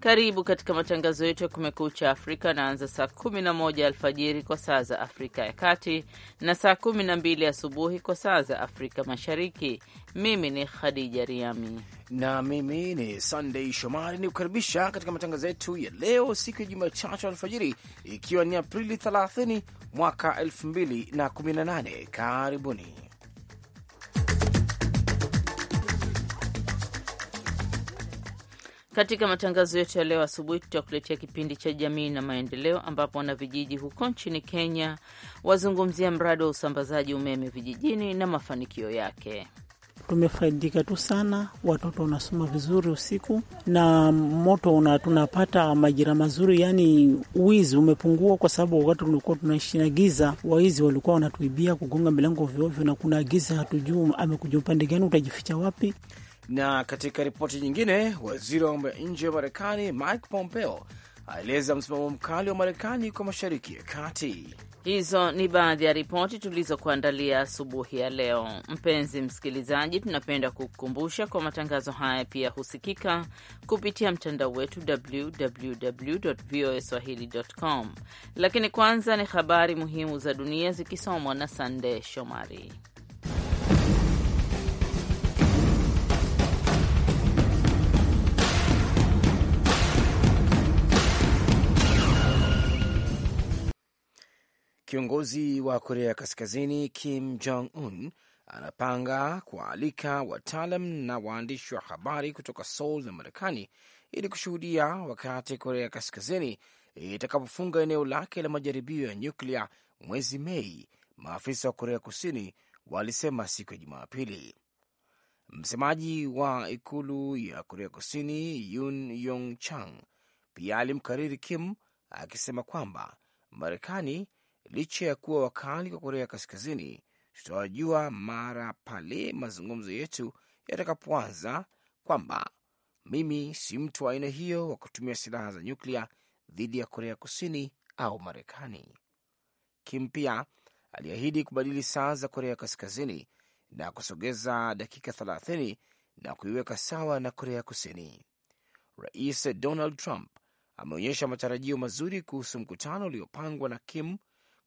Karibu katika matangazo yetu ya Kumekucha Afrika naanza saa 11 alfajiri kwa saa za Afrika ya Kati na saa 12 asubuhi kwa saa za Afrika Mashariki. Mimi ni Khadija Riami na mimi ni sandei Shomari, ni kukaribisha katika matangazo yetu ya leo, siku ya Jumatatu alfajiri, ikiwa ni Aprili 30 mwaka 2018. Karibuni. Katika matangazo yetu ya leo asubuhi, tutakuletea kipindi cha jamii na maendeleo, ambapo wanavijiji huko nchini Kenya wazungumzia mradi wa usambazaji umeme vijijini na mafanikio yake. Tumefaidika tu sana, watoto wanasoma vizuri usiku na moto una, tunapata majira mazuri, yaani wizi umepungua, kwa sababu wakati tulikuwa tunaishi na giza, waizi walikuwa wanatuibia kugonga milango vyovyo, na kuna giza, hatujuu amekuja upande gani, utajificha wapi. Na katika ripoti nyingine, waziri wa mambo ya nje wa Marekani Mike Pompeo aeleza msimamo mkali wa Marekani kwa mashariki ya kati. Hizo ni baadhi ya ripoti tulizokuandalia asubuhi ya leo. Mpenzi msikilizaji, tunapenda kukukumbusha kwa matangazo haya pia husikika kupitia mtandao wetu www voa swahilcom Lakini kwanza ni habari muhimu za dunia zikisomwa na Sandey Shomari. Kiongozi wa Korea Kaskazini Kim Jong Un anapanga kuwaalika wataalam na waandishi wa habari kutoka Seoul na Marekani ili kushuhudia wakati Korea Kaskazini itakapofunga eneo lake la majaribio ya nyuklia mwezi Mei, maafisa wa Korea Kusini walisema siku ya Jumapili. Msemaji wa ikulu ya Korea Kusini Yun Yong Chang pia alimkariri Kim akisema kwamba Marekani licha ya kuwa wakali kwa Korea Kaskazini, tutawajua mara pale mazungumzo yetu yatakapoanza kwamba mimi si mtu wa aina hiyo wa kutumia silaha za nyuklia dhidi ya Korea Kusini au Marekani. Kim pia aliahidi kubadili saa za Korea Kaskazini na kusogeza dakika 30 na kuiweka sawa na Korea Kusini. Rais Donald Trump ameonyesha matarajio mazuri kuhusu mkutano uliopangwa na Kim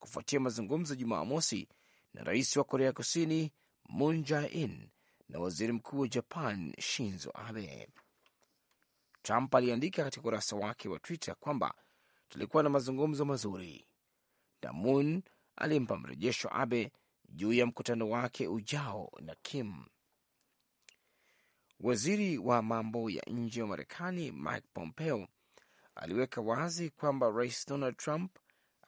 kufuatia mazungumzo Jumamosi na rais wa Korea Kusini Moon Jae-in na waziri mkuu wa Japan Shinzo Abe. Trump aliandika katika ukurasa wake wa Twitter kwamba tulikuwa na mazungumzo mazuri na Moon alimpa mrejesho Abe juu ya mkutano wake ujao na Kim. Waziri wa mambo ya nje wa Marekani Mike Pompeo aliweka wazi kwamba rais Donald Trump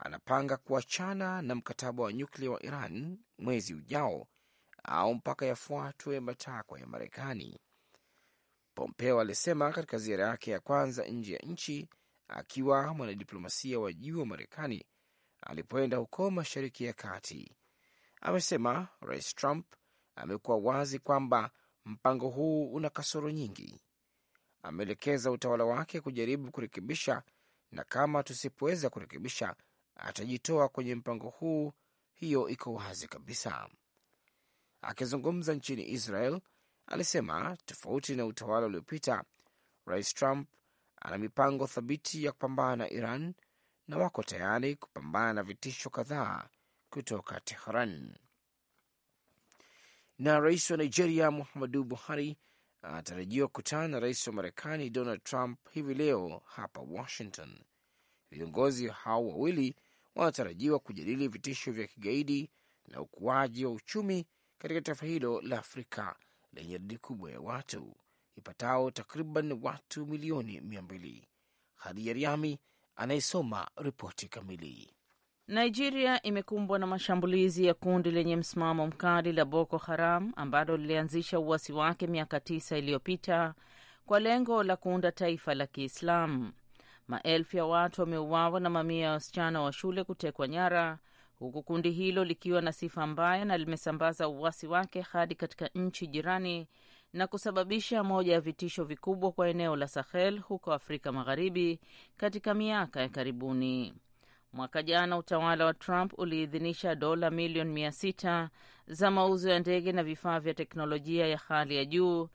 anapanga kuachana na mkataba wa nyuklia wa Iran mwezi ujao au mpaka yafuatwe matakwa ya Marekani. Pompeo alisema katika ziara yake ya kwanza nje ya nchi akiwa mwanadiplomasia wa juu wa Marekani alipoenda huko Mashariki ya Kati. Amesema Rais Trump amekuwa wazi kwamba mpango huu una kasoro nyingi. Ameelekeza utawala wake kujaribu kurekebisha, na kama tusipoweza kurekebisha, atajitoa kwenye mpango huu, hiyo iko wazi kabisa. Akizungumza nchini Israel, alisema tofauti na utawala uliopita, Rais Trump ana mipango thabiti ya kupambana na Iran na wako tayari kupambana na vitisho kadhaa kutoka Tehran. Na rais wa Nigeria Muhammadu Buhari anatarajiwa kukutana na rais wa Marekani Donald Trump hivi leo hapa Washington. Viongozi hao wawili wanatarajiwa kujadili vitisho vya kigaidi na ukuaji wa uchumi katika taifa hilo la Afrika lenye idadi kubwa ya watu ipatao takriban watu milioni mia mbili. Hadija Riami anayesoma ripoti kamili. Nigeria imekumbwa na mashambulizi ya kundi lenye msimamo mkali la Boko Haram ambalo lilianzisha uasi wake miaka tisa iliyopita kwa lengo la kuunda taifa la Kiislamu. Maelfu ya watu wameuawa na mamia ya wasichana wa shule kutekwa nyara, huku kundi hilo likiwa na sifa mbaya na limesambaza uwasi wake hadi katika nchi jirani na kusababisha moja ya vitisho vikubwa kwa eneo la Sahel huko Afrika Magharibi katika miaka ya karibuni. Mwaka jana utawala wa Trump uliidhinisha dola milioni mia sita za mauzo ya ndege na vifaa vya teknolojia ya hali ya juu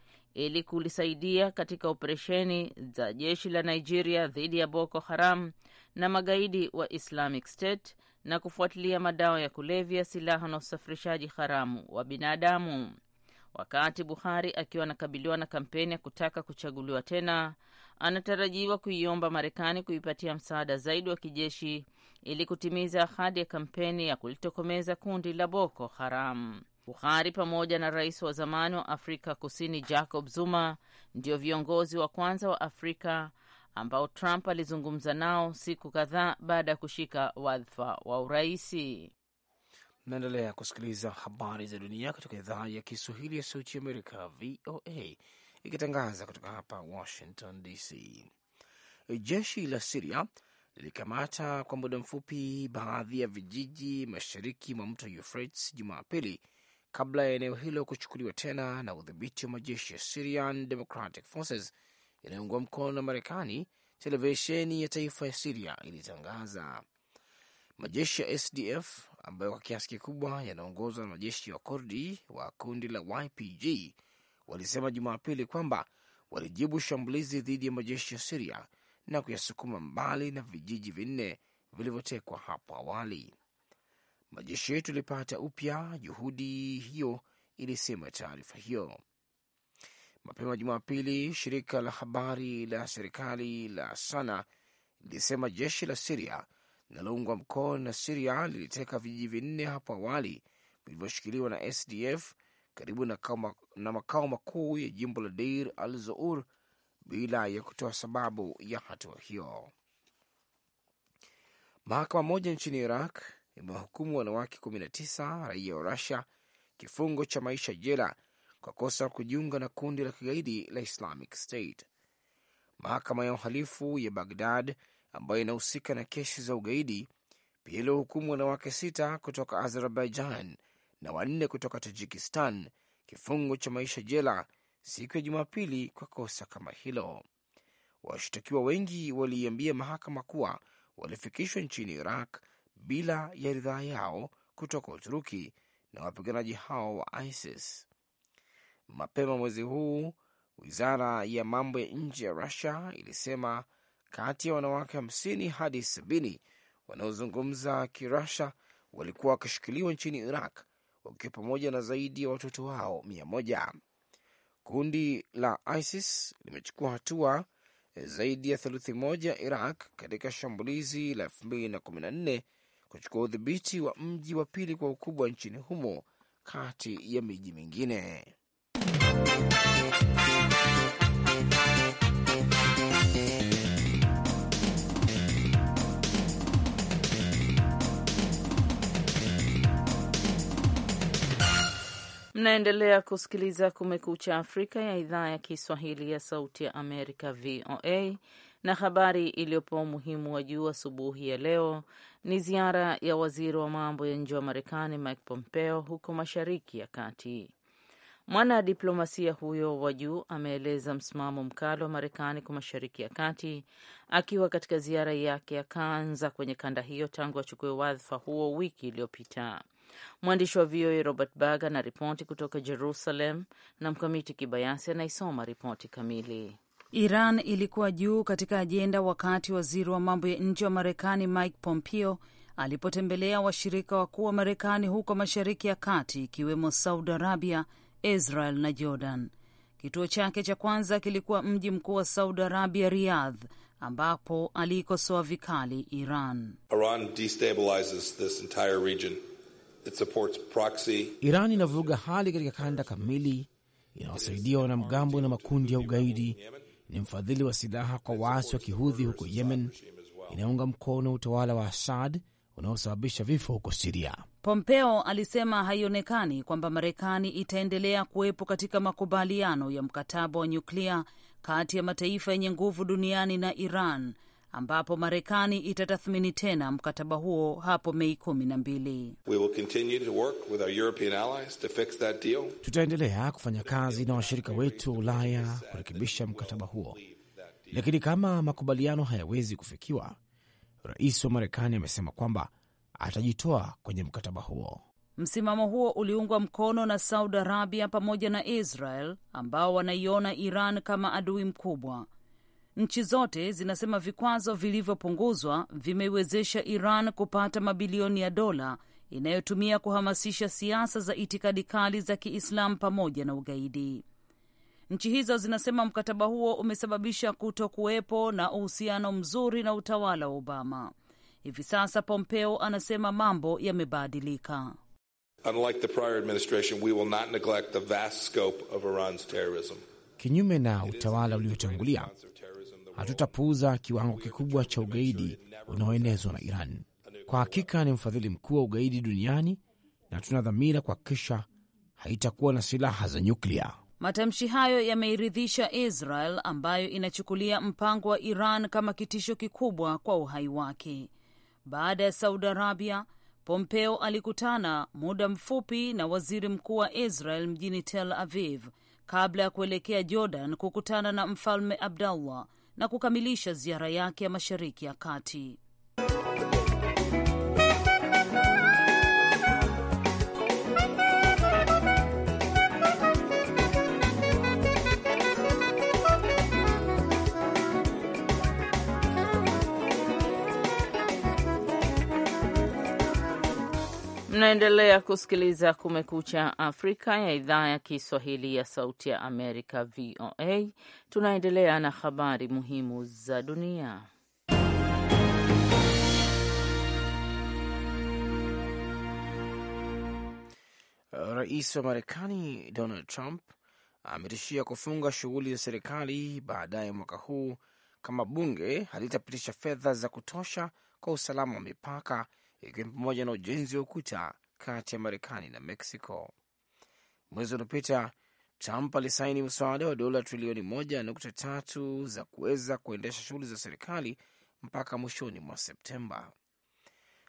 ili kulisaidia katika operesheni za jeshi la Nigeria dhidi ya Boko Haram na magaidi wa Islamic State na kufuatilia madawa ya kulevya, silaha na usafirishaji haramu wa binadamu. Wakati Buhari akiwa anakabiliwa na kampeni ya kutaka kuchaguliwa tena, anatarajiwa kuiomba Marekani kuipatia msaada zaidi wa kijeshi ili kutimiza ahadi ya kampeni ya kulitokomeza kundi la Boko Haram. Buhari pamoja na rais wa zamani wa Afrika Kusini Jacob Zuma ndio viongozi wa kwanza wa Afrika ambao Trump alizungumza nao siku kadhaa baada ya kushika wadhifa wa uraisi. Naendelea kusikiliza habari za dunia kutoka idhaa ya Kiswahili ya Sauti ya Amerika, VOA, ikitangaza kutoka hapa Washington DC. Jeshi la Siria lilikamata kwa muda mfupi baadhi ya vijiji mashariki mwa mto Euphrates Jumapili kabla ya eneo hilo kuchukuliwa tena na udhibiti wa majeshi ya Syrian Democratic Forces yanayoungwa mkono na Marekani. Televisheni ya taifa ya Siria ilitangaza majeshi ya SDF ambayo kwa kiasi kikubwa yanaongozwa na majeshi ya Kurdi wa kundi la YPG walisema Jumapili kwamba walijibu shambulizi dhidi ya majeshi ya Siria na kuyasukuma mbali na vijiji vinne vilivyotekwa hapo awali majeshi yetu yalipata upya juhudi hiyo, ilisema taarifa hiyo. Mapema Jumapili, shirika la habari la serikali la SANA lilisema jeshi la Siria linaloungwa mkono na Siria liliteka vijiji vinne hapo awali vilivyoshikiliwa na SDF karibu na, na makao makuu ya jimbo la Deir al Zour bila ya kutoa sababu ya hatua hiyo. Mahakama moja nchini Iraq imewahukumu wanawake 19 raia wa Rusia kifungo cha maisha jela kwa kosa kujiunga na kundi la kigaidi la Islamic State. Mahakama ya uhalifu ya Bagdad ambayo inahusika na kesi za ugaidi pia iliwahukumu wanawake sita kutoka Azerbaijan na wanne kutoka Tajikistan kifungo cha maisha jela siku ya Jumapili kwa kosa kama hilo. Washtakiwa wengi waliiambia mahakama kuwa walifikishwa nchini Iraq bila ya ridhaa yao kutoka Uturuki na wapiganaji hao wa ISIS. Mapema mwezi huu, wizara ya mambo ya nje ya Rusia ilisema kati ya wanawake hamsini hadi sabini wanaozungumza Kirusha walikuwa wakishikiliwa nchini Iraq, wakiwa pamoja na zaidi ya watoto wao mia moja. Kundi la ISIS limechukua hatua zaidi ya theluthi moja Iraq katika shambulizi la elfu mbili na kumi na nne kuchukua udhibiti wa mji wa pili kwa ukubwa nchini humo kati ya miji mingine. Mnaendelea kusikiliza Kumekucha Afrika ya idhaa ya Kiswahili ya Sauti ya Amerika, VOA, na habari iliyopewa umuhimu wa juu asubuhi ya leo ni ziara ya waziri wa mambo ya nje wa Marekani Mike Pompeo huko Mashariki ya Kati. Mwanadiplomasia huyo wa juu ameeleza msimamo mkali wa Marekani kwa Mashariki ya Kati akiwa katika ziara yake ya kwanza kwenye kanda hiyo tangu achukue wadhifa huo wiki iliyopita. Mwandishi wa VOA Robert Berger anaripoti kutoka Jerusalem na Mkamiti Kibayasi anaisoma ripoti kamili. Iran ilikuwa juu katika ajenda wakati waziri wa mambo ya nje wa Marekani Mike Pompeo alipotembelea washirika wakuu wa Marekani huko Mashariki ya Kati, ikiwemo Saudi Arabia, Israel na Jordan. Kituo chake cha kwanza kilikuwa mji mkuu wa Saudi Arabia, Riyadh, ambapo aliikosoa vikali Iran. Iran destabilizes this entire region. It supports proxy. Iran inavuruga hali katika kanda kamili, inawasaidia wanamgambo na makundi ya ugaidi ni mfadhili wa silaha kwa waasi wa kihudhi huko Yemen, inaunga mkono utawala wa Assad unaosababisha vifo huko Siria. Pompeo alisema haionekani kwamba Marekani itaendelea kuwepo katika makubaliano ya mkataba wa nyuklia kati ya mataifa yenye nguvu duniani na Iran ambapo Marekani itatathmini tena mkataba huo hapo Mei kumi na mbili. Tutaendelea kufanya kazi na washirika wetu wa Ulaya kurekebisha mkataba huo, lakini kama makubaliano hayawezi kufikiwa, rais wa Marekani amesema kwamba atajitoa kwenye mkataba huo. Msimamo huo uliungwa mkono na Saudi Arabia pamoja na Israel ambao wanaiona Iran kama adui mkubwa Nchi zote zinasema vikwazo vilivyopunguzwa vimeiwezesha Iran kupata mabilioni ya dola inayotumia kuhamasisha siasa za itikadi kali za Kiislamu pamoja na ugaidi. Nchi hizo zinasema mkataba huo umesababisha kuto kuwepo na uhusiano mzuri na utawala wa Obama. Hivi sasa Pompeo anasema mambo yamebadilika. Kinyume na utawala uliotangulia, hatutapuuza kiwango kikubwa cha ugaidi unaoenezwa na Iran. Kwa hakika ni mfadhili mkuu wa ugaidi duniani na tuna dhamira kuhakikisha haitakuwa na silaha za nyuklia. Matamshi hayo yameiridhisha Israel ambayo inachukulia mpango wa Iran kama kitisho kikubwa kwa uhai wake. Baada ya Saudi Arabia, Pompeo alikutana muda mfupi na waziri mkuu wa Israel mjini Tel Aviv kabla ya kuelekea Jordan kukutana na Mfalme Abdullah na kukamilisha ziara yake ya Mashariki ya Kati. Mnaendelea kusikiliza Kumekucha Afrika ya idhaa ya Kiswahili ya Sauti ya Amerika, VOA. Tunaendelea na habari muhimu za dunia. Rais wa Marekani Donald Trump ametishia kufunga shughuli za serikali baadaye mwaka huu kama bunge halitapitisha fedha za kutosha kwa usalama wa mipaka ikiwa ni pamoja na ujenzi wa ukuta kati ya Marekani na Mexico. Mwezi uliopita Trump alisaini mswada wa dola trilioni moja nukta tatu za kuweza kuendesha shughuli za serikali mpaka mwishoni mwa Septemba.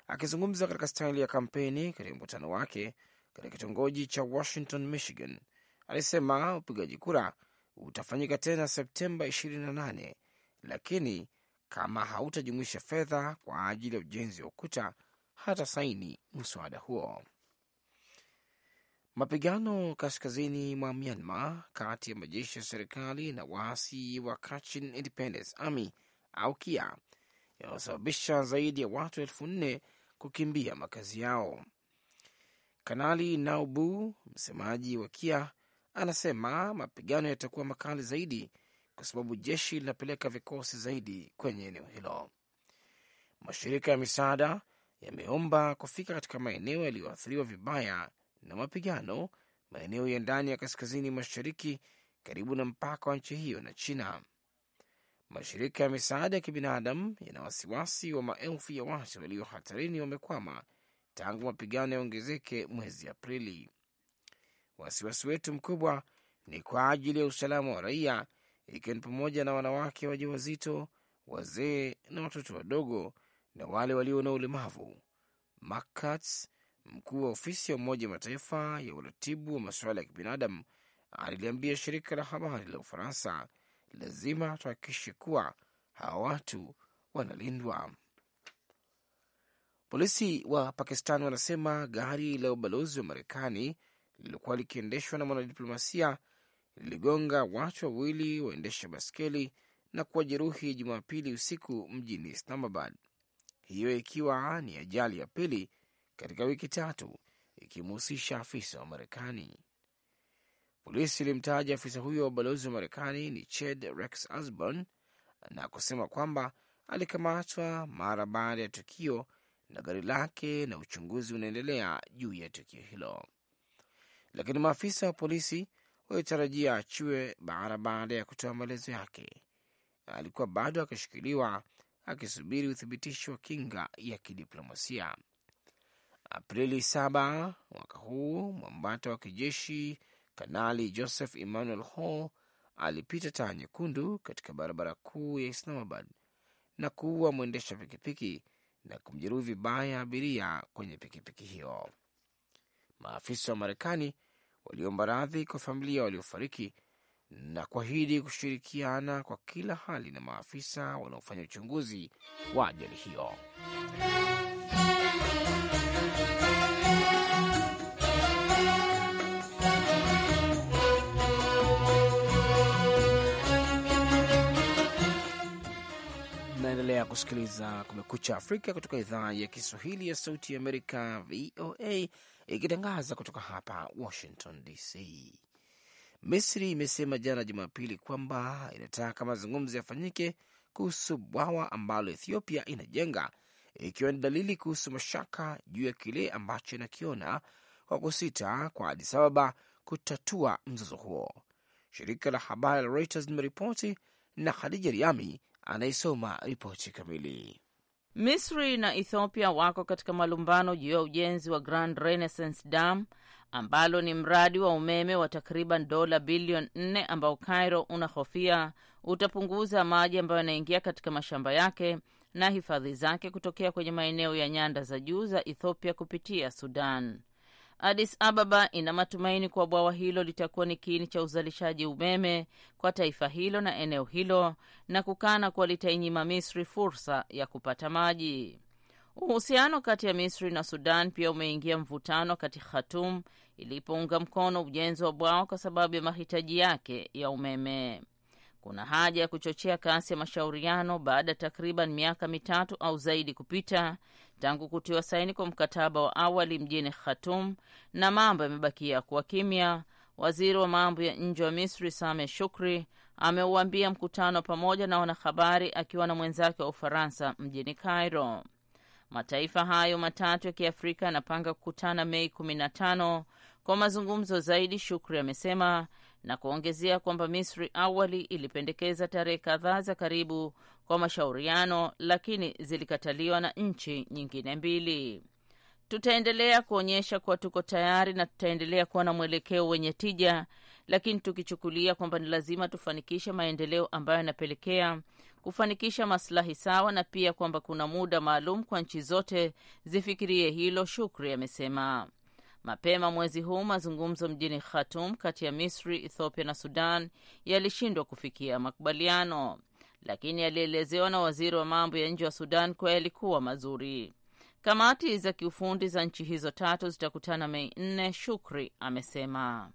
Akizungumza katika staili ya kampeni katika mkutano wake katika kitongoji cha Washington, Michigan, alisema upigaji kura utafanyika tena Septemba 28 lakini kama hautajumuisha fedha kwa ajili ya ujenzi wa ukuta hata saini mswada huo. Mapigano kaskazini mwa Myanmar kati ya majeshi ya serikali na waasi wa Kachin Independence Army au KIA yanaosababisha zaidi ya watu elfu nne kukimbia makazi yao. Kanali Naubu, msemaji wa KIA, anasema mapigano yatakuwa makali zaidi kwa sababu jeshi linapeleka vikosi zaidi kwenye eneo hilo. Mashirika ya misaada yameomba kufika katika maeneo yaliyoathiriwa vibaya na mapigano, maeneo ya ndani ya kaskazini mashariki karibu na mpaka wa nchi hiyo na China. Mashirika ya misaada ya kibinadamu yana wasiwasi wa maelfu ya watu walio hatarini wamekwama tangu mapigano yaongezeke mwezi Aprili. Wasiwasi wetu mkubwa ni kwa ajili ya usalama wa raia, ikiwa ni pamoja na wanawake wajawazito, wazee na watoto wadogo na wale walio na ulemavu. Makats, mkuu wa ofisi ya Umoja wa Mataifa ya uratibu wa masuala ya kibinadamu, aliliambia shirika la habari la Ufaransa, lazima tuhakikishe kuwa hawa watu wanalindwa. Polisi wa Pakistan wanasema gari la ubalozi wa Marekani lililokuwa likiendeshwa na mwanadiplomasia liligonga watu wawili waendesha baskeli na kuwajeruhi Jumapili usiku mjini Islamabad hiyo ikiwa ni ajali ya pili katika wiki tatu ikimhusisha afisa wa Marekani. Polisi ilimtaja afisa huyo wa ubalozi wa Marekani ni Ched Rex Asborn na kusema kwamba alikamatwa mara baada ya tukio na gari lake, na uchunguzi unaendelea juu ya tukio hilo, lakini maafisa wa polisi walitarajia achiwe mara baada ya kutoa maelezo yake. Alikuwa bado akishikiliwa akisubiri uthibitisho wa kinga ya kidiplomasia. Aprili saba mwaka huu, mwambata wa kijeshi Kanali Joseph Emmanuel Hall alipita taa nyekundu katika barabara kuu ya Islamabad na kuua mwendesha pikipiki na kumjeruhi vibaya abiria kwenye pikipiki hiyo. Maafisa wa Marekani waliomba radhi kwa familia waliofariki na kuahidi kushirikiana kwa kila hali na maafisa wanaofanya uchunguzi wa ajali hiyo. Naendelea kusikiliza Kumekucha Afrika kutoka idhaa ya Kiswahili ya Sauti ya Amerika, VOA, ikitangaza kutoka hapa Washington DC. Misri imesema jana Jumapili kwamba inataka mazungumzo yafanyike kuhusu bwawa ambalo Ethiopia inajenga, ikiwa ni dalili kuhusu mashaka juu ya kile ambacho inakiona kwa kusita kwa Addis Ababa kutatua mzozo huo. Shirika la habari la Reuters limeripoti na Khadija Riami anayesoma ripoti kamili. Misri na Ethiopia wako katika malumbano juu ya ujenzi wa Grand Renaissance Dam ambalo ni mradi wa umeme wa takriban dola bilioni nne ambao Cairo unahofia utapunguza maji ambayo yanaingia katika mashamba yake na hifadhi zake kutokea kwenye maeneo ya nyanda za juu za Ethiopia kupitia Sudan. Addis Ababa ina matumaini kuwa bwawa hilo litakuwa ni kiini cha uzalishaji umeme kwa taifa hilo na eneo hilo, na kukana kuwa litainyima Misri fursa ya kupata maji. Uhusiano kati ya Misri na Sudan pia umeingia mvutano wakati khatum ilipounga mkono ujenzi wa bwawa kwa sababu ya mahitaji yake ya umeme. Kuna haja ya kuchochea kasi ya mashauriano baada ya takriban miaka mitatu au zaidi kupita tangu kutiwa saini kwa mkataba wa awali mjini khatum na mambo yamebakia kuwa kimya. Waziri wa mambo ya nje wa Misri same Shukri ameuambia mkutano pamoja na wanahabari akiwa na mwenzake wa Ufaransa mjini Cairo. Mataifa hayo matatu ya Kiafrika yanapanga kukutana Mei 15 kwa mazungumzo zaidi, Shukri amesema na kuongezea kwamba Misri awali ilipendekeza tarehe kadhaa za karibu kwa mashauriano, lakini zilikataliwa na nchi nyingine mbili. Tutaendelea kuonyesha kuwa tuko tayari na tutaendelea kuwa na mwelekeo wenye tija, lakini tukichukulia kwamba ni lazima tufanikishe maendeleo ambayo yanapelekea kufanikisha masilahi sawa na pia kwamba kuna muda maalum kwa nchi zote zifikirie hilo, Shukri amesema. Mapema mwezi huu mazungumzo mjini Khartoum kati ya Misri, Ethiopia na Sudan yalishindwa kufikia makubaliano, lakini yalielezewa na waziri wa mambo ya nje wa Sudan kuwa yalikuwa mazuri. Kamati za kiufundi za nchi hizo tatu zitakutana Mei nne, Shukri amesema.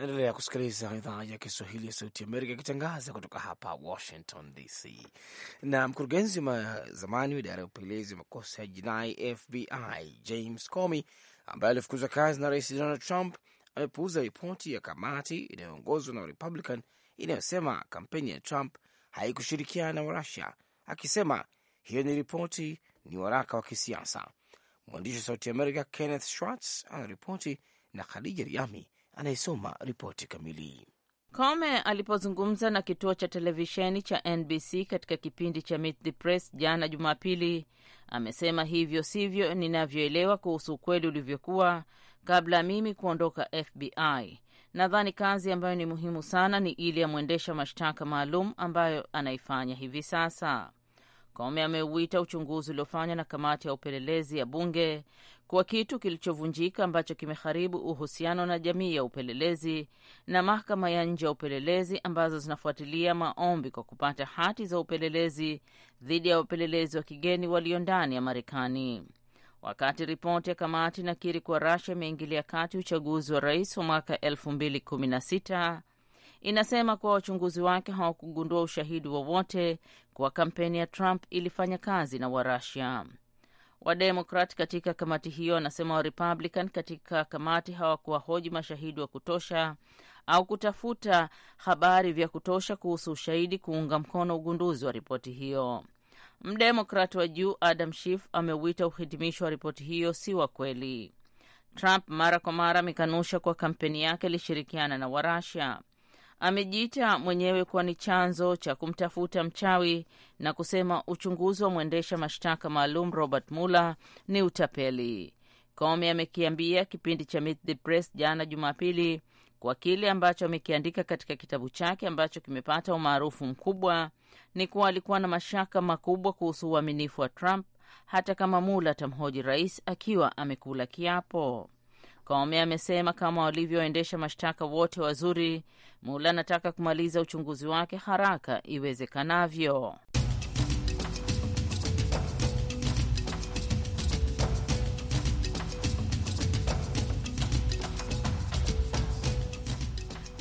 Naendelea kusikiliza idhaa ya Kiswahili ya Sauti Amerika ikitangaza kutoka hapa Washington DC. Na mkurugenzi wa zamani wa idara ya upelelezi wa makosa ya jinai FBI James Comey, ambaye alifukuzwa kazi na Rais Donald Trump, amepuuza ripoti ya kamati inayoongozwa na Republican inayosema kampeni ya Trump haikushirikiana na Warusia, akisema hiyo ni ripoti ni waraka wa kisiasa. Mwandishi wa Sauti Amerika Kenneth Schwartz anaripoti na Khadija Riami anayesoma ripoti kamili. Kome alipozungumza na kituo cha televisheni cha NBC katika kipindi cha Meet the Press jana Jumapili, amesema hivyo sivyo ninavyoelewa kuhusu ukweli ulivyokuwa kabla mimi kuondoka FBI. Nadhani kazi ambayo ni muhimu sana ni ile ya mwendesha mashtaka maalum ambayo anaifanya hivi sasa. Comey ameuita uchunguzi uliofanywa na kamati ya upelelezi ya bunge kuwa kitu kilichovunjika ambacho kimeharibu uhusiano na jamii ya upelelezi na mahakama ya nje ya upelelezi ambazo zinafuatilia maombi kwa kupata hati za upelelezi dhidi ya wapelelezi wa kigeni walio ndani ya Marekani. Wakati ripoti ya kamati inakiri kuwa rasha imeingilia kati uchaguzi wa rais wa mwaka 2016 inasema kuwa wachunguzi wake hawakugundua ushahidi wowote kuwa kampeni ya Trump ilifanya kazi na Warusia. Wademokrat katika kamati hiyo wanasema Warepublican katika kamati hawakuwahoji mashahidi wa kutosha au kutafuta habari vya kutosha kuhusu ushahidi kuunga mkono ugunduzi wa ripoti hiyo. Mdemokrat wa juu Adam Schiff ameuita uhitimisho wa ripoti hiyo si wa kweli. Trump mara kwa mara amekanusha kuwa kampeni yake ilishirikiana na Warusia amejiita mwenyewe kuwa ni chanzo cha kumtafuta mchawi na kusema uchunguzi wa mwendesha mashtaka maalum Robert Mueller ni utapeli. Comey amekiambia kipindi cha Meet the Press jana Jumapili kwa kile ambacho amekiandika katika kitabu chake ambacho kimepata umaarufu mkubwa ni kuwa alikuwa na mashaka makubwa kuhusu uaminifu wa Trump hata kama Mula atamhoji rais akiwa amekula kiapo. Kome amesema kama walivyoendesha mashtaka wote wazuri, Mula anataka kumaliza uchunguzi wake haraka iwezekanavyo.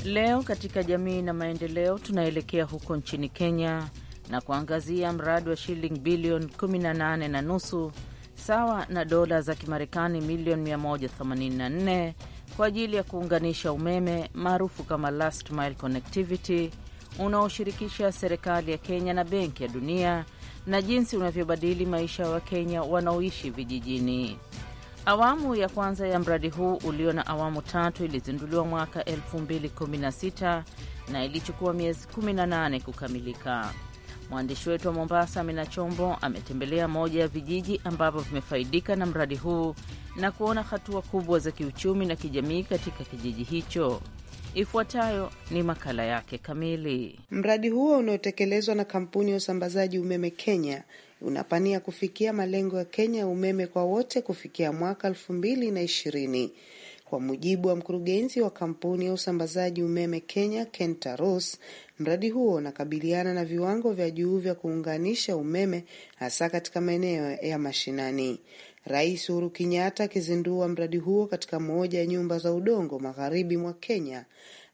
Leo katika jamii na maendeleo tunaelekea huko nchini Kenya na kuangazia mradi wa shilingi bilioni 18 na nusu sawa na dola za Kimarekani milioni 184 kwa ajili ya kuunganisha umeme maarufu kama last mile connectivity unaoshirikisha serikali ya Kenya na Benki ya Dunia na jinsi unavyobadili maisha ya wa Wakenya wanaoishi vijijini. Awamu ya kwanza ya mradi huu ulio na awamu tatu ilizinduliwa mwaka 2016 na ilichukua miezi 18 kukamilika. Mwandishi wetu wa Mombasa, Amina Chombo, ametembelea moja ya vijiji ambavyo vimefaidika na mradi huu na kuona hatua kubwa za kiuchumi na kijamii katika kijiji hicho. Ifuatayo ni makala yake kamili. Mradi huo unaotekelezwa na kampuni ya usambazaji umeme Kenya unapania kufikia malengo ya Kenya ya umeme kwa wote kufikia mwaka elfu mbili na ishirini. Kwa mujibu wa mkurugenzi wa kampuni ya usambazaji umeme Kenya, kenta Ross, mradi huo unakabiliana na viwango vya juu vya kuunganisha umeme hasa katika maeneo ya mashinani. Rais Uhuru Kenyatta akizindua mradi huo katika moja ya nyumba za udongo magharibi mwa Kenya,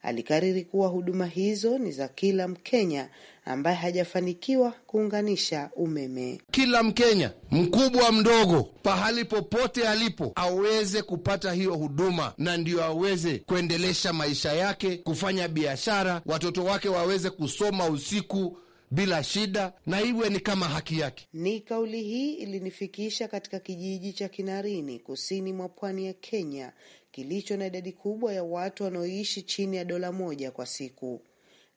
alikariri kuwa huduma hizo ni za kila Mkenya ambaye hajafanikiwa kuunganisha umeme. Kila Mkenya mkubwa mdogo, pahali popote alipo, aweze kupata hiyo huduma, na ndio aweze kuendelesha maisha yake, kufanya biashara, watoto wake waweze kusoma usiku bila shida na iwe ni kama haki yake. Ni kauli hii ilinifikisha katika kijiji cha Kinarini kusini mwa pwani ya Kenya kilicho na idadi kubwa ya watu wanaoishi chini ya dola moja kwa siku.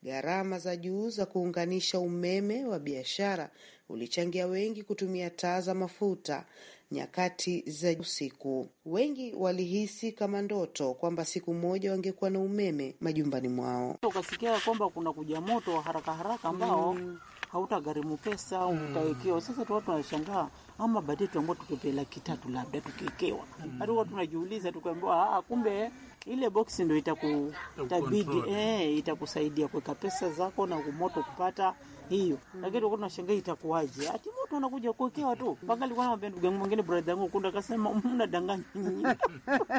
Gharama za juu za kuunganisha umeme wa biashara ulichangia wengi kutumia taa za mafuta nyakati za usiku. Wengi walihisi kama ndoto kwamba siku moja wangekuwa na umeme majumbani mwao. Ukasikia kwamba kuna kuja moto wa haraka haraka ambao mm hautagharimu pesa mm. utawekewa. Sasa tu watu wanashangaa ah, ama bajeti ambao tukipewa laki tatu labda tukiwekewa mm. hatu tunajiuliza ah, ah, kumbe ile boksi ndo itaku itabidi eh, itakusaidia kuweka pesa zako na moto kupata hiyo Lakini tulikuwa tunashangaa itakuwaje, ati mtu anakuja kuwekewa tu mpaka alikuwa anamwambia ndugu yangu mwingine, brother yangu Kunda, akasema mnadanganya mm, nyinyi.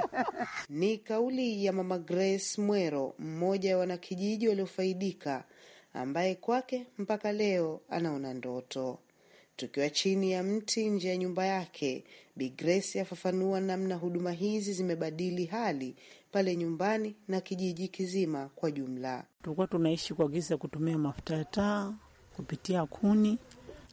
Ni kauli ya mama Grace Mwero, mmoja wa wanakijiji waliofaidika, ambaye kwake mpaka leo anaona ndoto Tukiwa chini ya mti nje ya nyumba yake, Bi Grace afafanua namna huduma hizi zimebadili hali pale nyumbani na kijiji kizima kwa jumla. Tulikuwa tunaishi kwa giza, kutumia mafuta ya taa, kupitia kuni,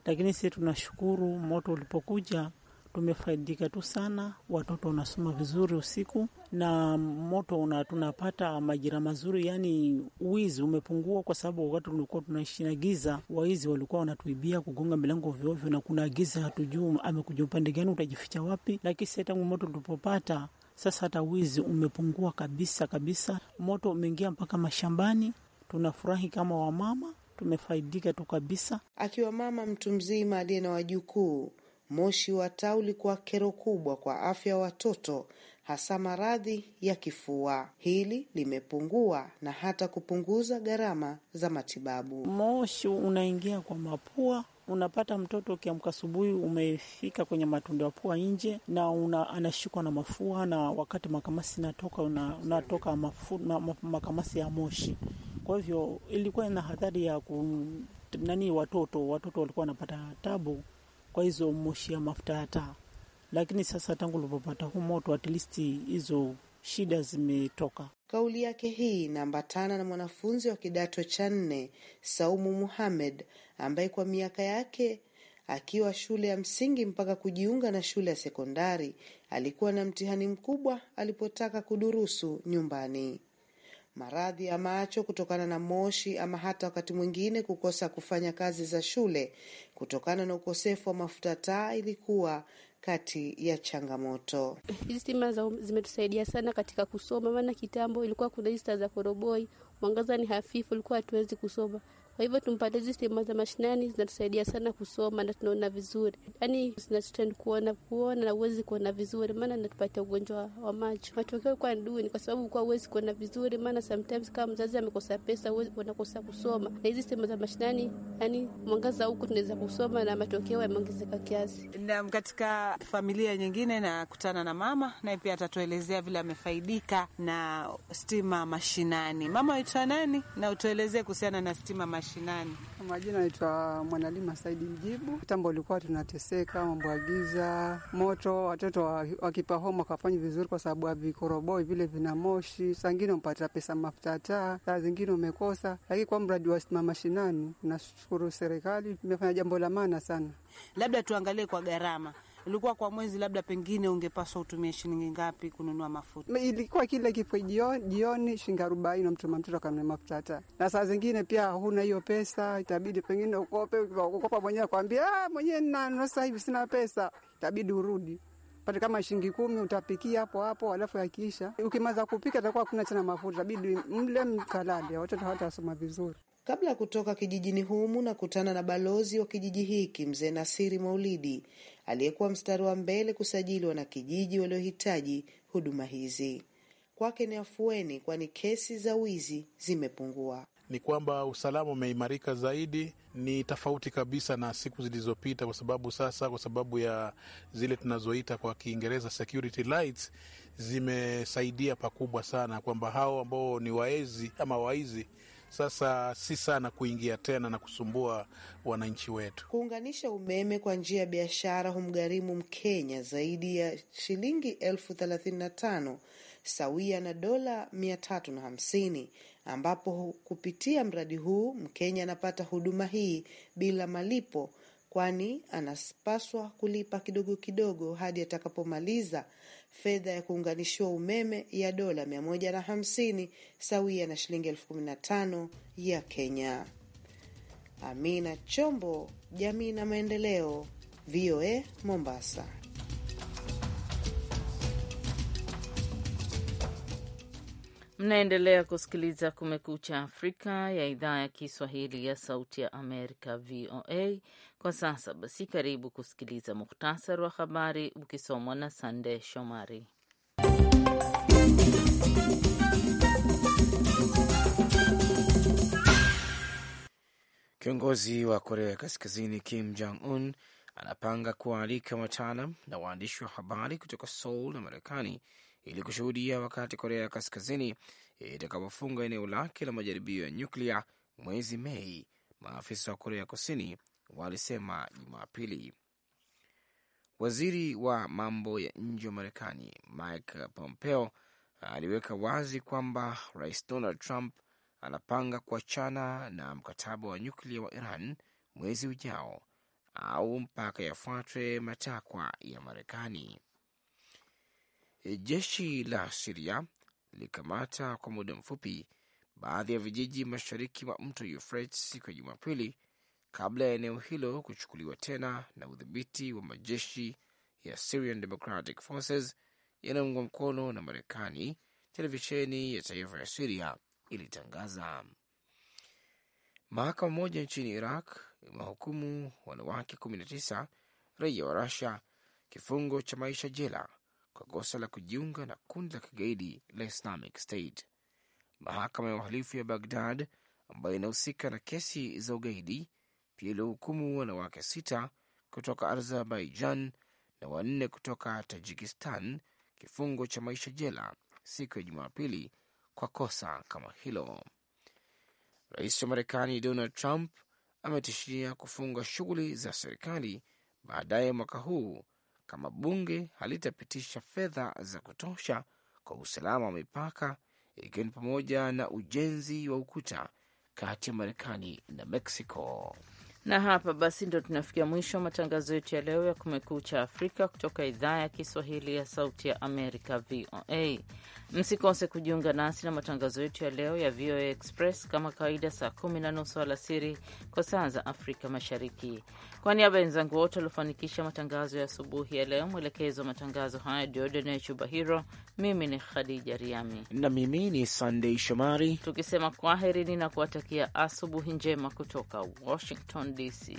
lakini sisi tunashukuru moto ulipokuja tumefaidika tu sana, watoto wanasoma vizuri usiku na moto una, tunapata majira mazuri, yani wizi umepungua, kwa sababu wakati tulikuwa tunaishi na giza, waizi walikuwa wanatuibia kugonga milango vyovyo, na kuna giza, hatujui amekuja upande gani, utajificha wapi. Lakini sasa tangu moto tulipopata sasa, hata wizi umepungua kabisa kabisa. Moto umeingia mpaka mashambani, tunafurahi kama wamama tumefaidika tu kabisa. Akiwa mama mtu mzima aliye na wajukuu, moshi wa taa ulikuwa kero kubwa kwa afya ya watoto, hasa maradhi ya kifua. Hili limepungua na hata kupunguza gharama za matibabu. Moshi unaingia kwa mapua Unapata mtoto ukiamka asubuhi umefika kwenye matundu ya pua nje na una, anashikwa na mafua, na wakati makamasi natoka una, unatoka mafu, na, makamasi ya moshi. Kwa hivyo ilikuwa na hadhari ya ku, nani watoto watoto walikuwa wanapata tabu kwa hizo moshi ya mafuta ya taa, lakini sasa tangu ulipopata huu moto at least hizo shida zimetoka. Kauli yake hii inaambatana na mwanafunzi wa kidato cha nne Saumu Muhamed ambaye kwa miaka yake akiwa shule ya msingi mpaka kujiunga na shule ya sekondari alikuwa na mtihani mkubwa alipotaka kudurusu nyumbani. Maradhi ya macho kutokana na moshi ama hata wakati mwingine kukosa kufanya kazi za shule kutokana na ukosefu wa mafuta taa ilikuwa kati ya changamoto hizi. Stima um-, zimetusaidia sana katika kusoma, maana kitambo ilikuwa kuna hizi taa za koroboi, mwangaza ni hafifu, ilikuwa hatuwezi kusoma. Kwa hivyo tumpate hizi stima za mashinani, zinatusaidia sana kusoma na tunaona vizuri, yaani zinatutend kuona kuona na uwezi kuona vizuri, maana natupatia ugonjwa wa macho. Matokeo kwa duni, kwa sababu kuwa uwezi kuona vizuri, maana sometimes kama mzazi amekosa pesa, uwezi unakosa kusoma, na hizi stima za mashinani, yaani mwangaza huku tunaweza kusoma na matokeo yameongezeka kiasi. Na katika familia nyingine, nakutana na mama naye pia atatuelezea vile amefaidika na stima mashinani. Mama, uitwa nani na utuelezee kuhusiana na stima mashinani? mashinani. Majina naitwa Mwanalima Saidi Mjibu. tambo ulikuwa tunateseka mambo ya giza, moto, watoto wakipa homa wakafanyi vizuri kwa sababu ya vikoroboi vile vina moshi. Saa ingine umpata pesa mafuta taa, saa zingine umekosa, lakini kwa mradi wa simama mashinani, nashukuru serikali imefanya jambo la maana sana. Labda tuangalie kwa gharama ilikuwa kwa mwezi labda pengine ungepaswa utumie shilingi ngapi kununua mafuta? Ilikuwa kila kipo jioni jioni shilingi arobaini, namtuma mtoto akanunua mafuta. Hata na saa zingine pia huna hiyo pesa, itabidi pengine ukope. ukopa mwenyewe kwambia ah, mwenyewe nanunua sasa hivi sina pesa, itabidi urudi pate kama shilingi kumi utapikia hapo hapo, alafu yakiisha, ukimaza kupika atakuwa kuna tena mafuta, itabidi mle mkalale, watoto hawatasoma vizuri. Kabla ya kutoka kijijini humu, nakutana na balozi wa kijiji hiki mzee Nasiri Maulidi aliyekuwa mstari wa mbele kusajili wanakijiji waliohitaji huduma hizi. Kwake ni afueni, kwani kesi za wizi zimepungua ni kwamba usalama umeimarika zaidi. Ni tofauti kabisa na siku zilizopita, kwa sababu sasa, kwa sababu ya zile tunazoita kwa Kiingereza security lights, zimesaidia pakubwa sana, kwamba hao ambao ni waezi ama waizi sasa si sana kuingia tena na kusumbua wananchi wetu. Kuunganisha umeme kwa njia ya biashara humgharimu Mkenya zaidi ya shilingi elfu thelathini na tano sawia na dola mia tatu na hamsini ambapo kupitia mradi huu Mkenya anapata huduma hii bila malipo, kwani anapaswa kulipa kidogo kidogo hadi atakapomaliza fedha ya kuunganishiwa umeme ya dola 150 sawia na shilingi elfu kumi na tano ya Kenya. Amina Chombo, Jamii na Maendeleo, VOA Mombasa. Mnaendelea kusikiliza Kumekucha Afrika ya idhaa ya Kiswahili ya Sauti ya Amerika, VOA. Kwa sasa basi, karibu kusikiliza muhtasari wa habari ukisomwa na Sande Shomari. Kiongozi wa Korea Kaskazini Kim Jong Un anapanga kuwaalika wataalam na waandishi wa habari kutoka Seoul na Marekani ili kushuhudia wakati Korea ya Kaskazini itakapofunga eneo lake la majaribio ya nyuklia mwezi Mei, maafisa wa Korea Kusini walisema Jumapili. Waziri wa mambo ya nje wa Marekani Mike Pompeo aliweka wazi kwamba Rais Donald Trump anapanga kuachana na mkataba wa nyuklia wa Iran mwezi ujao au mpaka yafuatwe matakwa ya Marekani. E, jeshi la Siria lilikamata kwa muda mfupi baadhi ya vijiji mashariki mwa mto Euphrates siku ya Jumapili kabla ya eneo hilo kuchukuliwa tena na udhibiti wa majeshi ya Syrian Democratic Forces yanayoungwa mkono na Marekani, televisheni ya taifa ya Siria ilitangaza. Mahakama moja nchini Iraq imewahukumu wanawake 19 raia wa Rusia kifungo cha maisha jela kwa kosa la kujiunga na kundi la kigaidi la Islamic State. Mahakama ya uhalifu ya Bagdad ambayo inahusika na kesi za ugaidi pia ilihukumu wanawake sita kutoka Azerbaijan na wanne kutoka Tajikistan kifungo cha maisha jela siku ya Jumapili kwa kosa kama hilo. Rais wa Marekani Donald Trump ametishia kufunga shughuli za serikali baadaye mwaka huu kama bunge halitapitisha fedha za kutosha kwa usalama wa mipaka, ikiwa ni pamoja na ujenzi wa ukuta kati ya Marekani na Meksiko. Na hapa basi ndo tunafikia mwisho matangazo yetu ya leo ya Kumekucha Afrika kutoka idhaa ya Kiswahili ya Sauti ya Amerika, VOA. Msikose kujiunga nasi na matangazo yetu ya leo ya VOA Express kama kawaida, saa kumi na nusu alasiri kwa saa za Afrika Mashariki. Kwa niaba ya wenzangu wote waliofanikisha matangazo ya asubuhi ya leo, mwelekezo wa matangazo haya Diodene hiro mimi ni Khadija Riami na mimi ni Sandei Shomari, tukisema kwaherini na kuwatakia asubuhi njema kutoka Washington DC.